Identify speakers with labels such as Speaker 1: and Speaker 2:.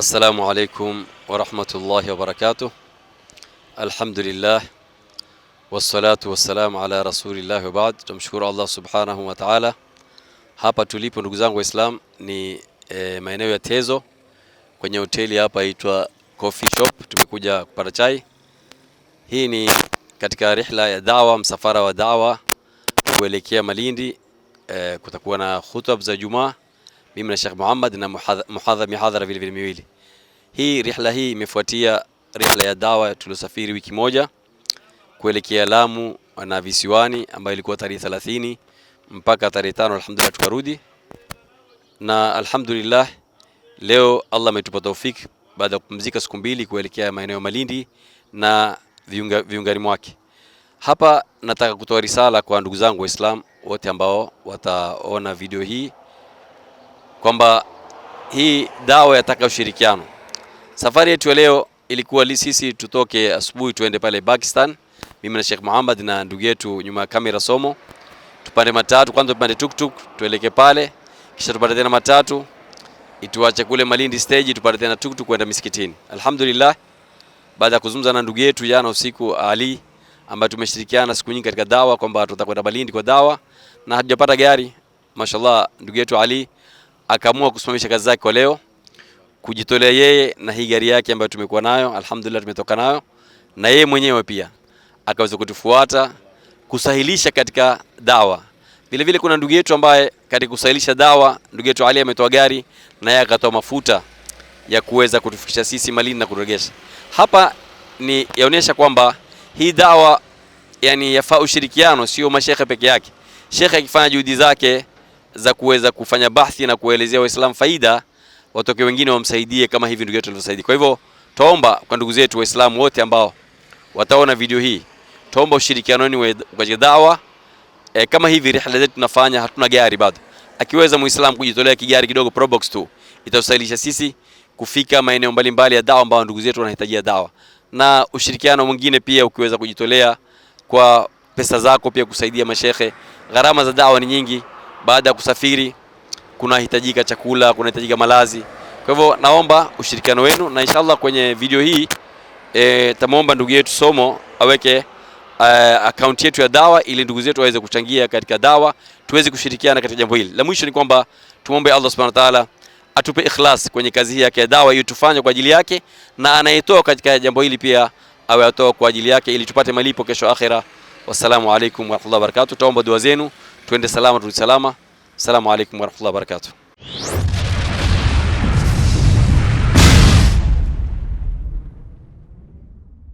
Speaker 1: Assalamu alaikum warahmatullahi wabarakatuh. Alhamdulillah wassalatu wassalamu ala rasulillahi wa baad. Tumshukuru Allah subhanahu wa ta'ala. Hapa tulipo ndugu zangu Waislam ni e, maeneo ya Tezo kwenye hoteli hapa aitwa Coffee Shop. Tumekuja kupata chai. Hii ni katika rihla ya dawa, msafara wa dawa kuelekea Malindi. E, kutakuwa na hutuba za Jumaa mimi na Sheikh Muhammad na muhadha mihadhara vile vile miwili. Hii rihla hii imefuatia rihla ya dawa tuliosafiri wiki moja kuelekea Lamu na visiwani ambayo ilikuwa tarehe 30 mpaka tarehe 5 alhamdulillah, tukarudi na alhamdulillah, leo Allah ametupa taufik baada ya kupumzika siku mbili kuelekea maeneo Malindi na viunga, viungani mwake. Hapa nataka kutoa risala kwa ndugu zangu waislam wote ambao wataona video hii kwamba hii dawa yataka ushirikiano. Safari yetu ya leo ilikuwa li sisi tutoke asubuhi tuende pale Pakistan, mimi na Sheikh Muhammad na ndugu yetu nyuma ya kamera Somo, tupande matatu kwanza, tupande tuktuk tueleke pale, kisha tupande tena matatu ituache kule Malindi stage, tupande tena tuktuk kwenda misikitini. Alhamdulillah, baada ya kuzungumza na ndugu yetu jana usiku Ali ambaye tumeshirikiana siku nyingi katika dawa kwamba tutakwenda Malindi kwa dawa na hatujapata gari, mashallah ndugu yetu Ali akaamua kusimamisha kazi zake kwa leo kujitolea yeye na hii gari yake ambayo tumekuwa nayo, alhamdulillah tumetoka nayo, na yeye mwenyewe pia akaweza kutufuata kusahilisha katika dawa. Vile vile kuna ndugu yetu ambaye katika kusahilisha dawa, ndugu yetu Ali ametoa gari na yeye akatoa mafuta ya kuweza kutufikisha sisi Malindi na kuregesha hapa. Ni yaonyesha kwamba hii dawa yani yafaa ushirikiano, sio mashekhe peke yake. Shekhe akifanya juhudi zake za kuweza kufanya bahthi na kuelezea Waislamu faida, watoke wengine wamsaidie kama hivi ndugu yetu alivyosaidia. Kwa hivyo tuomba kwa ndugu zetu Waislamu wote ambao wataona video hii, tuomba ushirikiano wenu kwa dawa e, kama hivi rihla zetu tunafanya, hatuna gari bado. Akiweza Muislamu kujitolea kigari kidogo, Probox tu itatusaidia sisi kufika maeneo mbalimbali ya dawa ambao ndugu zetu wanahitaji dawa, na ushirikiano mwingine pia ukiweza kujitolea kwa pesa zako pia kusaidia mashehe, Gharama za dawa ni nyingi baada ya kusafiri kunahitajika chakula, kunahitajika malazi. Kwa hivyo naomba ushirikiano wenu, na inshallah kwenye video hii e, tamwomba ndugu yetu Somo aweke Uh, e, akaunti yetu ya dawa ili ndugu zetu waweze kuchangia katika dawa, tuweze kushirikiana katika jambo hili. La mwisho ni kwamba tumwombe Allah Subhanahu wa Ta'ala atupe ikhlas kwenye kazi hii yake ya dawa hiyo tufanye kwa ajili yake, na anayetoa katika jambo hili pia awe atoa kwa ajili yake ili tupate malipo kesho akhira. Wassalamu alaikum warahmatullahi wabarakatuh. Taomba dua zenu. Twende salama, turudi salama. Assalamu alaikum warahmatullahi wabarakatuh.